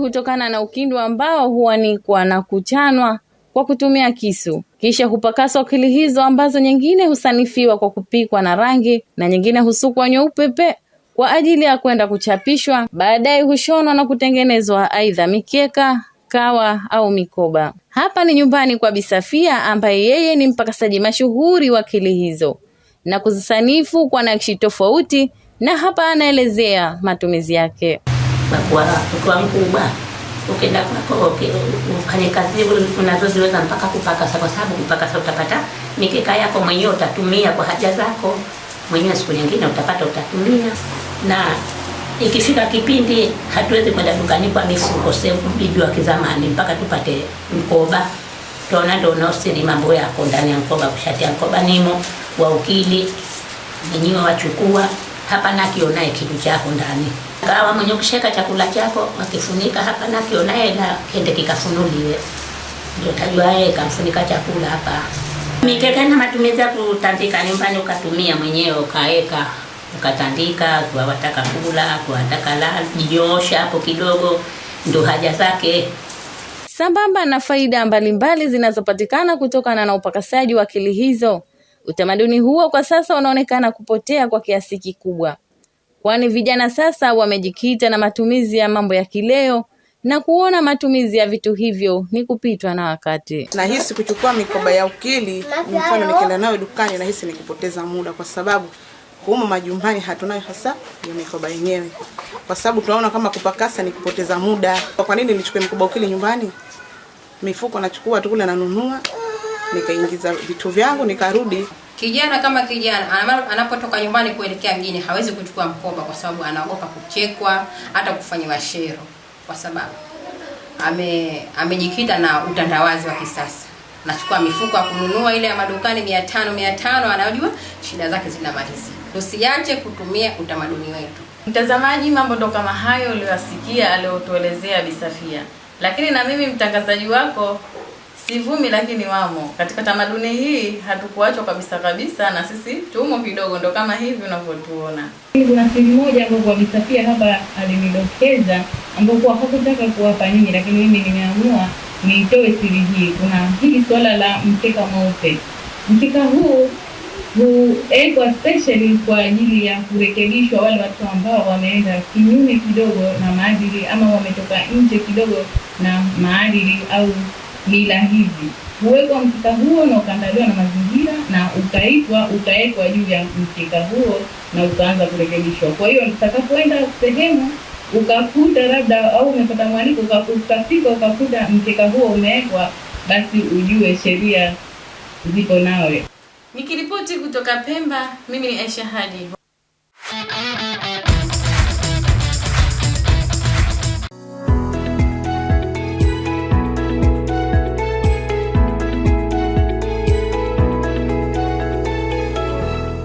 hutokana na ukindu ambao huanikwa na kuchanwa kwa kutumia kisu kisha hupakaswa kili hizo ambazo nyingine husanifiwa kwa kupikwa na rangi na nyingine husukwa nyeupe pe kwa ajili ya kwenda kuchapishwa. Baadaye hushonwa na kutengenezwa aidha mikeka, kawa au mikoba. Hapa ni nyumbani kwa Bisafia ambaye yeye ni mpakasaji mashuhuri wa kili hizo na kuzisanifu kwa nakshi tofauti, na hapa anaelezea matumizi yake kwa kwa mkubwa ukienda kwako ufanye kazi unazoziweza mpaka kupaka kupakasa, kwa sababu kupakasa utapata mikeka yako mwenyewe utatumia kwa haja zako mwenyewe, siku nyingine utapata utatumia. Na ikifika kipindi hatuwezi kwenda dukani kwa mifuko bibi wa kizamani, mpaka tupate mkoba. Tunaona ndio unaosiri mambo yako ndani ya mkoba, kushatia mkoba nimo wa ukili mwenyewe wachukua hapa nakionaye kitu chako ndani, kawa mwenye kusheka chakula chako wakifunika hapa nakionaye na kende kikafunuliwe, ndio tajuaye kamfunika chakula hapa. Mikeka na matumizi ya kutandika nyumbani, ukatumia mwenyewe ukaeka ukatandika, kwa wataka kula, kwa wataka la jiosha hapo kidogo, ndo haja zake sambamba na faida mbalimbali zinazopatikana kutokana na upakasaji wa akili hizo. Utamaduni huo kwa sasa unaonekana kupotea kwa kiasi kikubwa, kwani vijana sasa wamejikita na matumizi ya mambo ya kileo na kuona matumizi ya vitu hivyo ni kupitwa na wakati. Nahisi kuchukua mikoba ya ukili, mfano nikienda nayo dukani, nahisi nikipoteza muda, kwa sababu humo majumbani hatunayo hasa ya mikoba yenyewe, kwa sababu tunaona kama kupakasa ni kupoteza muda. Kwa nini nichukue mikoba ukili nyumbani? Mifuko nachukua tu kule nanunua nikaingiza vitu vyangu nikarudi. Kijana kama kijana anapotoka nyumbani kuelekea mjini hawezi kuchukua mkoba, kwa sababu anaogopa kuchekwa, hata kufanyiwa shero, kwa sababu ame amejikita na utandawazi wa kisasa. Nachukua mifuko ya kununua ile ya madukani 500 500, anajua shida zake zinamalizika. Tusiache kutumia utamaduni wetu. Mtazamaji, mambo ndo kama hayo uliyosikia aliyotuelezea Bisafia, lakini na mimi mtangazaji wako sivumi, lakini wamo katika tamaduni hii, hatukuachwa kabisa kabisa, na sisi tumo kidogo, ndo kama hivi unavyotuona. Kuna simu moja ambayo kwa Msafia hapa alinidokeza, ambayo kwa hakutaka kuwapa nyinyi, lakini mimi nimeamua niitoe siri hii. Kuna hili swala la mkeka mweupe. Mkeka huu huwekwa special kwa ajili ya kurekebishwa wale watu ambao wameenda kinyume kidogo na maadili ama wametoka nje kidogo na maadili au mila hizi. Uwepo wa mkeka huo na ukandaliwa na mazingira na utaitwa utawekwa juu ya mkeka huo na utaanza kurekebishwa. Kwa hiyo utakapoenda sehemu ukakuta labda au umepata mwaliko ukafika ukakuta mkeka huo umewekwa, basi ujue sheria zipo nawe. Nikiripoti kutoka Pemba, mimi ni Aisha Haji.